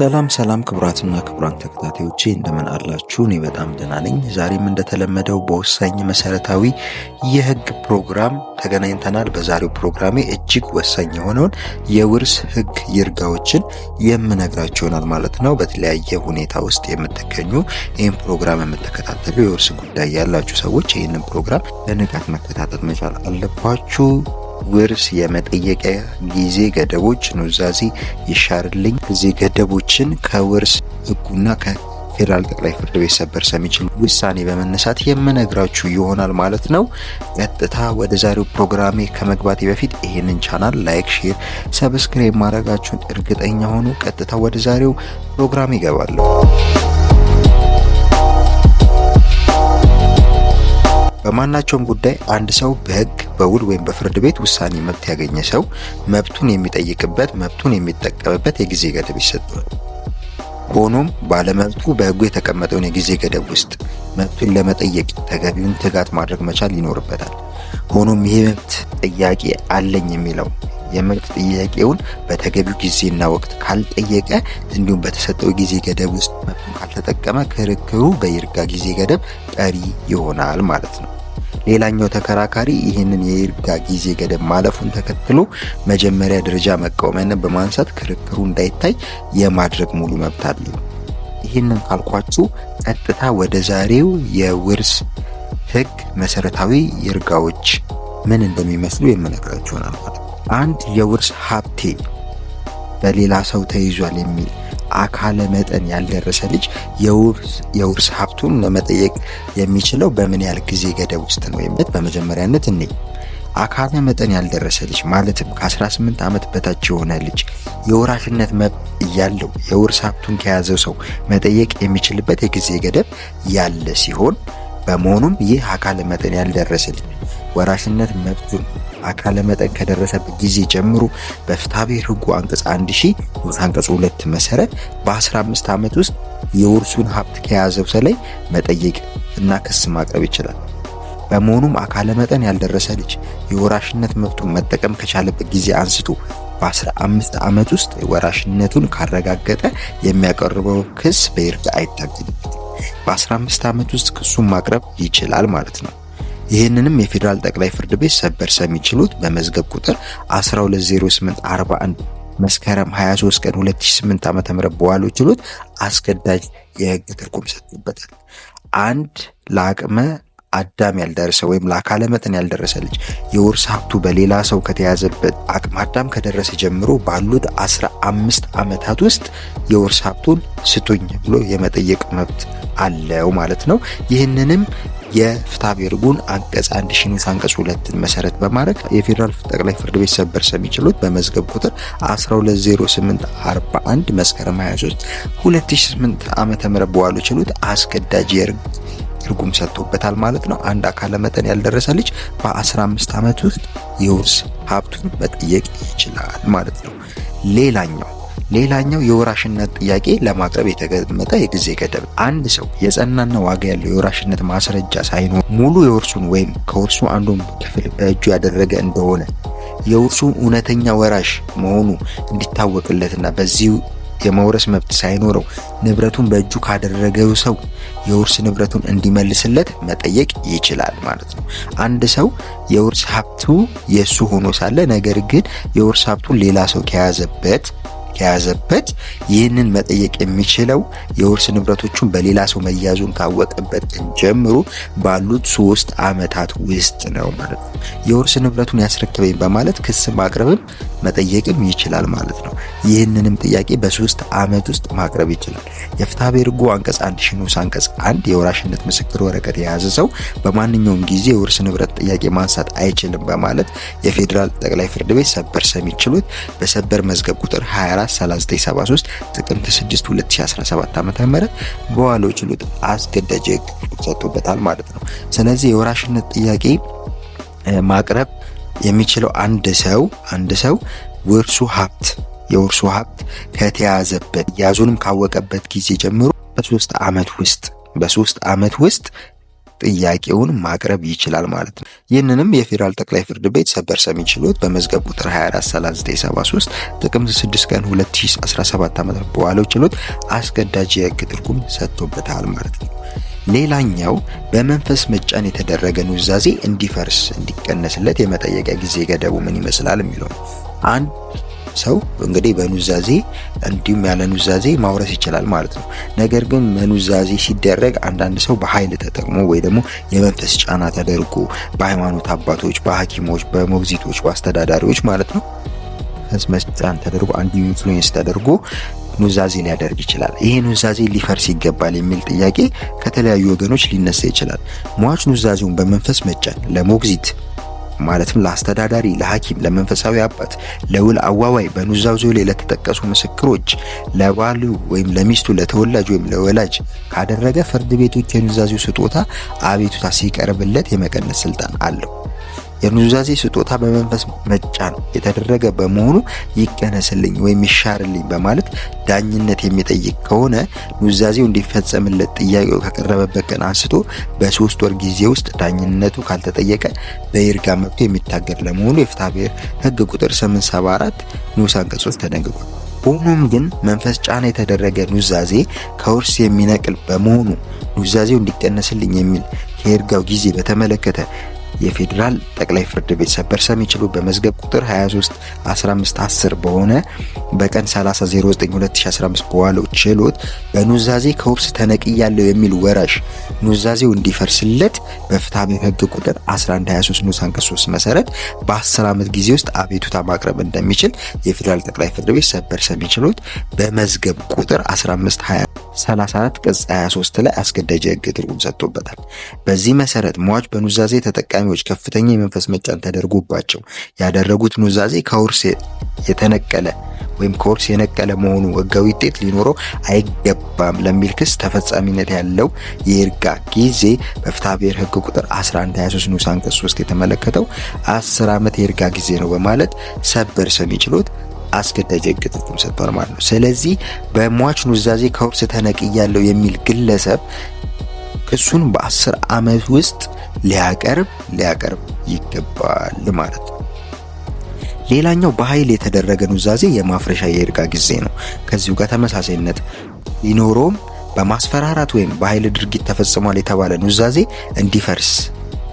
ሰላም ሰላም ክቡራትና ክቡራን ተከታታዮቼ እንደምን አላችሁ? እኔ በጣም ደህና ነኝ። ዛሬም እንደተለመደው በወሳኝ መሰረታዊ የህግ ፕሮግራም ተገናኝተናል። በዛሬው ፕሮግራሜ እጅግ ወሳኝ የሆነውን የውርስ ህግ ይርጋዎችን የምነግራችሁ ይሆናል ማለት ነው። በተለያየ ሁኔታ ውስጥ የምትገኙ ይህን ፕሮግራም የምትከታተሉ የውርስ ጉዳይ ያላችሁ ሰዎች ይህንን ፕሮግራም በንቃት መከታተል መቻል አለባችሁ። ውርስ የመጠየቂያ ጊዜ ገደቦች ኑዛዜ ይሻርልኝ እዚህ ገደቦችን ከውርስ ህጉና ከፌዴራል ጠቅላይ ፍርድ ቤት ሰበር ሰሚ ችሎት ውሳኔ በመነሳት የምነግራችሁ ይሆናል ማለት ነው። ቀጥታ ወደ ዛሬው ፕሮግራሜ ከመግባቴ በፊት ይህንን ቻናል ላይክ፣ ሼር፣ ሰብስክራይብ ማድረጋችሁን እርግጠኛ ሆኑ። ቀጥታ ወደ ዛሬው ፕሮግራም ይገባለሁ። በማናቸውም ጉዳይ አንድ ሰው በህግ በውል ወይም በፍርድ ቤት ውሳኔ መብት ያገኘ ሰው መብቱን የሚጠይቅበት መብቱን የሚጠቀምበት የጊዜ ገደብ ይሰጠዋል። ሆኖም ባለመብቱ በህጉ የተቀመጠውን የጊዜ ገደብ ውስጥ መብቱን ለመጠየቅ ተገቢውን ትጋት ማድረግ መቻል ይኖርበታል። ሆኖም ይህ መብት ጥያቄ አለኝ የሚለው የመብት ጥያቄውን በተገቢው ጊዜና ወቅት ካልጠየቀ እንዲሁም በተሰጠው ጊዜ ገደብ ውስጥ መብቱን ካልተጠቀመ ክርክሩ በይርጋ ጊዜ ገደብ ጠሪ ይሆናል ማለት ነው። ሌላኛው ተከራካሪ ይህንን የይርጋ ጊዜ ገደብ ማለፉን ተከትሎ መጀመሪያ ደረጃ መቃወሚያንን በማንሳት ክርክሩ እንዳይታይ የማድረግ ሙሉ መብት አለው። ይህንን ካልኳችሁ ቀጥታ ወደ ዛሬው የውርስ ህግ መሰረታዊ ይርጋዎች ምን እንደሚመስሉ የምነግራችሁ ይሆናል። አንድ የውርስ ሀብቴ በሌላ ሰው ተይዟል የሚል አካለ መጠን ያልደረሰ ልጅ የውርስ ሀብት መብቱን መጠየቅ የሚችለው በምን ያህል ጊዜ ገደብ ውስጥ ነው የሚል በመጀመሪያነት እንይ። አካለ መጠን ያልደረሰ ልጅ ማለትም ከ18 ዓመት በታች የሆነ ልጅ የወራሽነት መብት እያለው የውርስ ሀብቱን ከያዘው ሰው መጠየቅ የሚችልበት የጊዜ ገደብ ያለ ሲሆን በመሆኑም ይህ አካለ መጠን ያልደረሰ ልጅ ወራሽነት መብቱን አካለ መጠን ከደረሰበት ጊዜ ጀምሮ በፍትሐብሔር ሕጉ አንቀጽ 1 ሺ አንቀጽ 2 መሰረት በ15 ዓመት ውስጥ የውርሱን ሀብት ከያዘው ሰው ላይ መጠየቅ እና ክስ ማቅረብ ይችላል። በመሆኑም አካለ መጠን ያልደረሰ ልጅ የወራሽነት መብቱን መጠቀም ከቻለበት ጊዜ አንስቶ በ15 ዓመት ውስጥ ወራሽነቱን ካረጋገጠ የሚያቀርበው ክስ በይርጋ አይታገድም። በ15 ዓመት ውስጥ ክሱን ማቅረብ ይችላል ማለት ነው። ይህንንም የፌዴራል ጠቅላይ ፍርድ ቤት ሰበር ሰሚ ችሎት በመዝገብ ቁጥር 120841 መስከረም 23 ቀን 2008 ዓ.ም በዋለው ችሎት አስገዳጅ የህግ ትርጉም ሰጥቶበታል። አንድ ለአቅመ አዳም ያልደረሰ ወይም ለአካለ መጠን ያልደረሰ ልጅ የውርስ ሀብቱ በሌላ ሰው ከተያዘበት አቅም አዳም ከደረሰ ጀምሮ ባሉት 15 ዓመታት ውስጥ የውርስ ሀብቱን ስቶኝ ብሎ የመጠየቅ መብት አለው ማለት ነው። ይህንንም የፍትሐብሔር ሕጉን አንቀጽ አንድ ሺ ንዑስ አንቀጽ ሁለትን መሰረት በማድረግ የፌዴራል ጠቅላይ ፍርድ ቤት ሰበር ሰሚ ችሎት በመዝገብ ቁጥር 120841 መስከረም 23 2008 ም በዋለው ችሎት አስገዳጅ የርግ ትርጉም ሰጥቶበታል ማለት ነው። አንድ አካለ መጠን ያልደረሰ ልጅ በ15 ዓመት ውስጥ የውርስ ሀብቱን መጠየቅ ይችላል ማለት ነው። ሌላኛው ሌላኛው የወራሽነት ጥያቄ ለማቅረብ የተቀመጠ የጊዜ ገደብ። አንድ ሰው የጸናና ዋጋ ያለው የወራሽነት ማስረጃ ሳይኖር ሙሉ የውርሱን ወይም ከውርሱ አንዱን ክፍል በእጁ ያደረገ እንደሆነ የውርሱ እውነተኛ ወራሽ መሆኑ እንዲታወቅለትና በዚሁ የመውረስ መብት ሳይኖረው ንብረቱን በእጁ ካደረገው ሰው የውርስ ንብረቱን እንዲመልስለት መጠየቅ ይችላል ማለት ነው። አንድ ሰው የውርስ ሀብቱ የእሱ ሆኖ ሳለ ነገር ግን የውርስ ሀብቱን ሌላ ሰው ከያዘበት ከያዘበት ይህንን መጠየቅ የሚችለው የውርስ ንብረቶቹን በሌላ ሰው መያዙን ካወቀበት ቀን ጀምሮ ባሉት ሶስት አመታት ውስጥ ነው ማለት ነው። የውርስ ንብረቱን ያስረክበኝ በማለት ክስ ማቅረብም መጠየቅም ይችላል ማለት ነው። ይህንንም ጥያቄ በሶስት አመት ውስጥ ማቅረብ ይችላል። የፍትሐ ብሔር ሕጉ አንቀጽ አንድ ሽኑስ አንቀጽ አንድ የወራሽነት ምስክር ወረቀት የያዘ ሰው በማንኛውም ጊዜ የውርስ ንብረት ጥያቄ ማንሳት አይችልም በማለት የፌዴራል ጠቅላይ ፍርድ ቤት ሰበር ሰሚ ችሎት በሰበር መዝገብ ቁጥር 24 4 3973 ጥቅምት 6 2017 ዓ ም በዋለው ችሎት አስገዳጅ ሰጥቶበታል ማለት ነው። ስለዚህ የወራሽነት ጥያቄ ማቅረብ የሚችለው አንድ ሰው አንድ ሰው ውርሱ ሀብት የውርሱ ሀብት ከተያዘበት ያዙንም ካወቀበት ጊዜ ጀምሮ በሶስት ዓመት ውስጥ በሶስት ዓመት ውስጥ ጥያቄውን ማቅረብ ይችላል ማለት ነው። ይህንንም የፌዴራል ጠቅላይ ፍርድ ቤት ሰበር ሰሚ ችሎት በመዝገብ ቁጥር 243973 ጥቅምት 6 ቀን 2017 ዓ.ም በዋለው ችሎት አስገዳጅ የህግ ትርጉም ሰጥቶበታል ማለት ነው። ሌላኛው በመንፈስ መጫን የተደረገ ኑዛዜ እንዲፈርስ እንዲቀነስለት የመጠየቂያ ጊዜ ገደቡ ምን ይመስላል የሚለው አንድ ሰው እንግዲህ በኑዛዜ እንዲሁም ያለ ኑዛዜ ማውረስ ይችላል ማለት ነው። ነገር ግን መኑዛዜ ሲደረግ አንዳንድ ሰው በኃይል ተጠቅሞ ወይ ደግሞ የመንፈስ ጫና ተደርጎ በሃይማኖት አባቶች፣ በሐኪሞች፣ በሞግዚቶች፣ በአስተዳዳሪዎች ማለት ነው መንፈስ ጫና ተደርጎ አንድ ኢንፍሉዌንስ ተደርጎ ኑዛዜ ሊያደርግ ይችላል። ይሄ ኑዛዜ ሊፈርስ ይገባል የሚል ጥያቄ ከተለያዩ ወገኖች ሊነሳ ይችላል። ሟች ኑዛዜውን በመንፈስ መጫን ለሞግዚት ማለትም ለአስተዳዳሪ፣ ለሐኪም፣ ለመንፈሳዊ አባት፣ ለውል አዋዋይ፣ በኑዛዜ ላይ ለተጠቀሱ ምስክሮች፣ ለባሉ ወይም ለሚስቱ፣ ለተወላጅ ወይም ለወላጅ ካደረገ ፍርድ ቤቶች የኑዛዜው ስጦታ አቤቱታ ሲቀርብለት የመቀነስ ስልጣን አለው። የኑዛዜ ስጦታ በመንፈስ መጫን የተደረገ በመሆኑ ይቀነስልኝ ወይም ይሻርልኝ በማለት ዳኝነት የሚጠይቅ ከሆነ ኑዛዜው እንዲፈጸምለት ጥያቄው ከቀረበበት ቀን አንስቶ በሶስት ወር ጊዜ ውስጥ ዳኝነቱ ካልተጠየቀ በይርጋ መብቱ የሚታገድ ለመሆኑ የፍትሐ ብሔር ህግ ቁጥር 874 ንዑስ አንቀጽ 3 ተደንግጓል። ሆኖም ግን መንፈስ ጫና የተደረገ ኑዛዜ ከውርስ የሚነቅል በመሆኑ ኑዛዜው እንዲቀነስልኝ የሚል ከይርጋው ጊዜ በተመለከተ የፌዴራል ጠቅላይ ፍርድ ቤት ሰበር ሰሚ ችሎት በመዝገብ ቁጥር 23 15 10 በሆነ በቀን 30 09 በዋለው ችሎት በኑዛዜ ከውርስ ተነቅያለሁ የሚል ወራሽ ኑዛዜው እንዲፈርስለት በፍትሐ ብሔር ቁጥር 1123 ንዑስ አንቀጽ 3 መሰረት በ10 ዓመት ጊዜ ውስጥ አቤቱታ ማቅረብ እንደሚችል የፌዴራል ጠቅላይ ፍርድ ቤት ሰበር ሰሚ ችሎት በመዝገብ ቁጥር 1520 34 ቅጽ 23 ላይ አስገዳጅ የህግ ትርጉም ሰጥቶበታል። በዚህ መሰረት ሟች በኑዛዜ ተጠቃሚዎች ከፍተኛ የመንፈስ መጫን ተደርጎባቸው ያደረጉት ኑዛዜ ከውርስ የተነቀለ ወይም ከውርስ የነቀለ መሆኑ ህጋዊ ውጤት ሊኖረው አይገባም ለሚል ክስ ተፈጻሚነት ያለው የይርጋ ጊዜ በፍትሐ ብሔር ህግ ቁጥር 1123 ንዑስ አንቀጽ 3 የተመለከተው 10 ዓመት የይርጋ ጊዜ ነው በማለት ሰበር ሰሚ ችሎት አስገዳጅ እገቶችም ሰጥቷል ማለት ነው። ስለዚህ በሟች ኑዛዜ ከውርስ ተነቅያለሁ የሚል ግለሰብ ክሱን በአስር ዓመት ውስጥ ሊያቀርብ ሊያቀርብ ይገባል ማለት ነው። ሌላኛው በኃይል የተደረገ ኑዛዜ የማፍረሻ የይርጋ ጊዜ ነው። ከዚሁ ጋር ተመሳሳይነት ሊኖረውም በማስፈራራት ወይም በኃይል ድርጊት ተፈጽሟል የተባለ ኑዛዜ እንዲፈርስ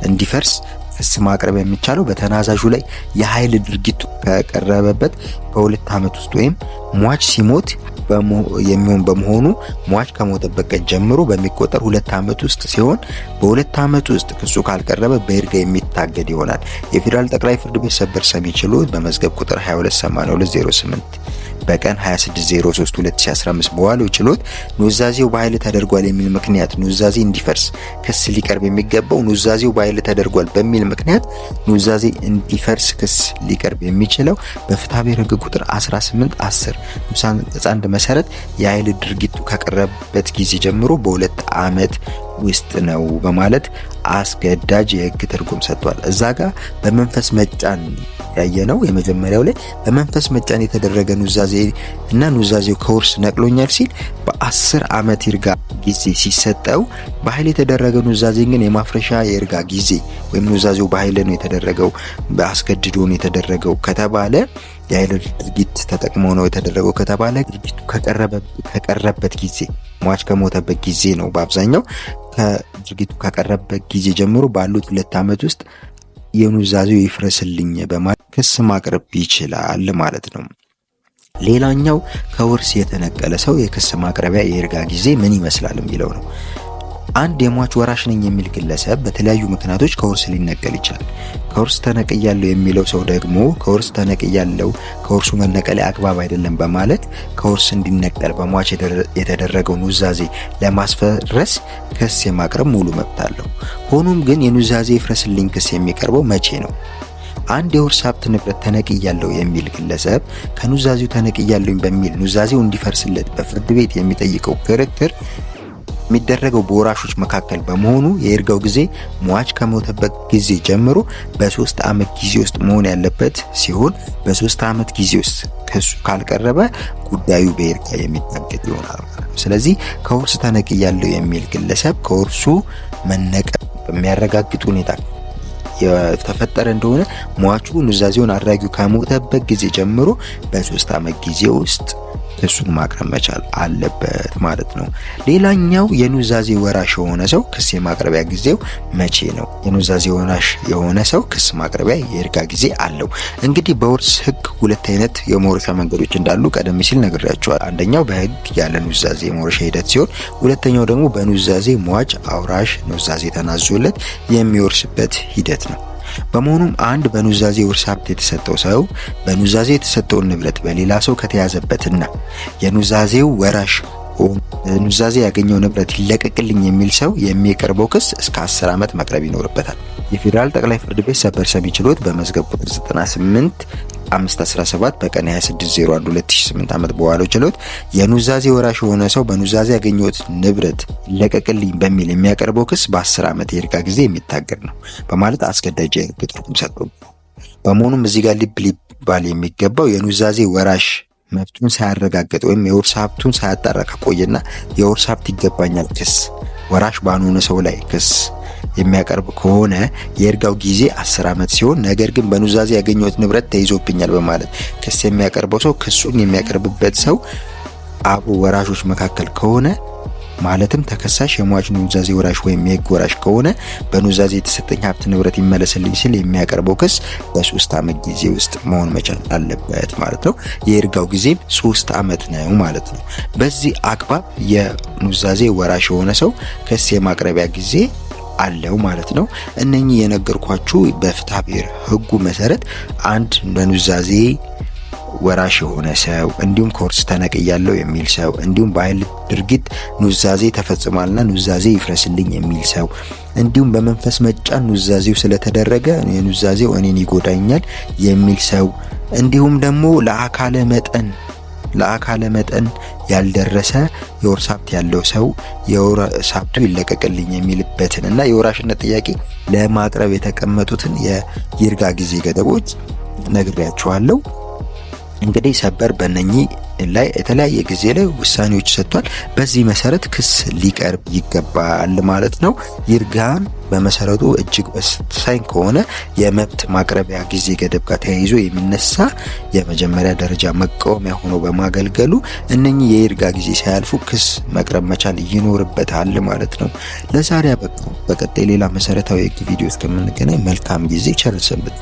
እንዲፈርስ ክስ ማቅረብ የሚቻለው በተናዛዡ ላይ የኃይል ድርጊቱ ከቀረበበት በሁለት ዓመት ውስጥ ወይም ሟች ሲሞት የሚሆን በመሆኑ ሟች ከሞተበት ቀን ጀምሮ በሚቆጠር ሁለት ዓመት ውስጥ ሲሆን በሁለት ዓመት ውስጥ ክሱ ካልቀረበ በይርጋ የሚታገድ ይሆናል። የፌዴራል ጠቅላይ ፍርድ ቤት ሰበር ሰሚ ችሎት በመዝገብ ቁጥር 228208 በቀን 26032015 በዋለው ችሎት ኑዛዜው በኃይል ተደርጓል የሚል ምክንያት ኑዛዜ እንዲፈርስ ክስ ሊቀርብ የሚገባው ኑዛዜው በኃይል ተደርጓል በሚል ምክንያት ኑዛዜ እንዲፈርስ ክስ ሊቀርብ የሚችለው በፍትሐብሔር ሕግ ቁጥር 18 10 ንዑስ አንድ መሰረት የኃይል ድርጊቱ ከቀረበበት ጊዜ ጀምሮ በሁለት ዓመት ውስጥ ነው በማለት አስገዳጅ የህግ ትርጉም ሰጥቷል። እዛ ጋር በመንፈስ መጫን ያየ ነው። የመጀመሪያው ላይ በመንፈስ መጫን የተደረገ ኑዛዜ እና ኑዛዜው ከውርስ ነቅሎኛል ሲል በአስር ዓመት ይርጋ ጊዜ ሲሰጠው በኃይል የተደረገ ኑዛዜ ግን የማፍረሻ የእርጋ ጊዜ ወይም ኑዛዜው በኃይል ነው የተደረገው፣ በአስገድዶ ነው የተደረገው ከተባለ የኃይል ድርጊት ተጠቅሞ ነው የተደረገው ከተባለ ድርጊቱ ከቀረበት ጊዜ ሟች ከሞተበት ጊዜ ነው። በአብዛኛው ከድርጊቱ ከቀረበት ጊዜ ጀምሮ ባሉት ሁለት ዓመት ውስጥ የኑዛዜው ይፍረስልኝ በማለት ክስ ማቅረብ ይችላል ማለት ነው። ሌላኛው ከውርስ የተነቀለ ሰው የክስ ማቅረቢያ የይርጋ ጊዜ ምን ይመስላል የሚለው ነው። አንድ የሟች ወራሽ ነኝ የሚል ግለሰብ በተለያዩ ምክንያቶች ከውርስ ሊነቀል ይችላል። ከውርስ ተነቅያለሁ የሚለው ሰው ደግሞ ከውርስ ተነቅያለሁ፣ ከውርሱ መነቀል አግባብ አይደለም በማለት ከውርስ እንዲነቀል በሟች የተደረገው ኑዛዜ ለማስፈረስ ክስ የማቅረብ ሙሉ መብት አለው። ሆኖም ግን የኑዛዜ ፍረስልኝ ክስ የሚቀርበው መቼ ነው? አንድ የውርስ ሀብት ንብረት ተነቅያለሁ የሚል ግለሰብ ከኑዛዜው ተነቅያለሁኝ በሚል ኑዛዜው እንዲፈርስለት በፍርድ ቤት የሚጠይቀው ክርክር የሚደረገው በወራሾች መካከል በመሆኑ የይርጋው ጊዜ ሟች ከሞተበት ጊዜ ጀምሮ በሶስት ዓመት ጊዜ ውስጥ መሆን ያለበት ሲሆን በሶስት ዓመት ጊዜ ውስጥ ክሱ ካልቀረበ ጉዳዩ በይርጋ የሚታገድ ይሆናል። ስለዚህ ከውርስ ተነቅያለሁ የሚል ግለሰብ ከውርሱ መነቀብ በሚያረጋግጥ ሁኔታ የተፈጠረ እንደሆነ ሟቹ ኑዛዜውን አድራጊው ከሞተበት ጊዜ ጀምሮ በሶስት ዓመት ጊዜ ውስጥ እሱን ማቅረብ መቻል አለበት ማለት ነው። ሌላኛው የኑዛዜ ወራሽ የሆነ ሰው ክስ የማቅረቢያ ጊዜው መቼ ነው? የኑዛዜ ወራሽ የሆነ ሰው ክስ ማቅረቢያ የይርጋ ጊዜ አለው። እንግዲህ በውርስ ህግ ሁለት አይነት የመውረሻ መንገዶች እንዳሉ ቀደም ሲል ነግሬያቸዋል። አንደኛው በህግ ያለ ኑዛዜ የመውረሻ ሂደት ሲሆን፣ ሁለተኛው ደግሞ በኑዛዜ ሟች አውራሽ ኑዛዜ ተናዞለት የሚወርስበት ሂደት ነው። በመሆኑም አንድ በኑዛዜ ውርስ ሀብት የተሰጠው ሰው በኑዛዜ የተሰጠውን ንብረት በሌላ ሰው ከተያዘበትና የኑዛዜው ወራሽ ቢቆም ኑዛዜ ያገኘው ንብረት ይለቀቅልኝ የሚል ሰው የሚቀርበው ክስ እስከ 10 ዓመት መቅረብ ይኖርበታል። የፌዴራል ጠቅላይ ፍርድ ቤት ሰበር ሰሚ ችሎት በመዝገብ ቁጥር 98 517 በቀን 26/01/2008 ዓመት በዋለው ችሎት የኑዛዜ ወራሽ የሆነ ሰው በኑዛዜ ያገኘሁት ንብረት ይለቀቅልኝ በሚል የሚያቀርበው ክስ በ10 ዓመት የይርጋ ጊዜ የሚታገድ ነው በማለት አስገዳጅ የሕግ ትርጉም ሰጥቷል። በመሆኑም እዚህ ጋር ልብ ሊባል የሚገባው የኑዛዜ ወራሽ መብቱን ሳያረጋግጥ ወይም የውርስ ሀብቱን ሳያጣራ ከቆየና የውርስ ሀብት ይገባኛል ክስ ወራሽ ባልሆነ ሰው ላይ ክስ የሚያቀርብ ከሆነ የእርጋው ጊዜ አስር ዓመት ሲሆን ነገር ግን በኑዛዜ ያገኘሁት ንብረት ተይዞብኛል በማለት ክስ የሚያቀርበው ሰው ክሱን የሚያቀርብበት ሰው አብሮ ወራሾች መካከል ከሆነ ማለትም ተከሳሽ የሟች ኑዛዜ ወራሽ ወይም የህግ ወራሽ ከሆነ በኑዛዜ የተሰጠኝ ሀብት ንብረት ይመለስልኝ ሲል የሚያቀርበው ክስ በሶስት አመት ጊዜ ውስጥ መሆን መቻል አለበት ማለት ነው። የእርጋው ጊዜም ሶስት አመት ነው ማለት ነው። በዚህ አግባብ የኑዛዜ ወራሽ የሆነ ሰው ክስ የማቅረቢያ ጊዜ አለው ማለት ነው። እነኚህ የነገርኳችሁ በፍትሐ ብሔር ህጉ መሰረት አንድ በኑዛዜ ወራሽ የሆነ ሰው እንዲሁም ኮርስ ተነቅያለው የሚል ሰው እንዲሁም በኃይል ድርጊት ኑዛዜ ተፈጽሟልና ኑዛዜ ይፍረስልኝ የሚል ሰው እንዲሁም በመንፈስ መጫን ኑዛዜው ስለተደረገ ኑዛዜው እኔን ይጎዳኛል የሚል ሰው እንዲሁም ደግሞ ለአካለ መጠን ለአካለ መጠን ያልደረሰ የውርስ ሀብት ያለው ሰው የውርስ ሀብቱ ይለቀቅልኝ የሚልበትን እና የወራሽነት ጥያቄ ለማቅረብ የተቀመጡትን የይርጋ ጊዜ ገደቦች ነግሬያችኋለሁ። እንግዲህ ሰበር በእነኚህ ላይ የተለያየ ጊዜ ላይ ውሳኔዎች ሰጥቷል። በዚህ መሰረት ክስ ሊቀርብ ይገባል ማለት ነው። ይርጋን በመሰረቱ እጅግ ወሳኝ ከሆነ የመብት ማቅረቢያ ጊዜ ገደብ ጋር ተያይዞ የሚነሳ የመጀመሪያ ደረጃ መቃወሚያ ሆኖ በማገልገሉ እነኚህ የይርጋ ጊዜ ሳያልፉ ክስ መቅረብ መቻል ይኖርበታል ማለት ነው። ለዛሬ በቃ በቀጣይ ሌላ መሰረታዊ ህግ ቪዲዮ እስከምንገናኝ መልካም ጊዜ ቸር ሰንብቱ።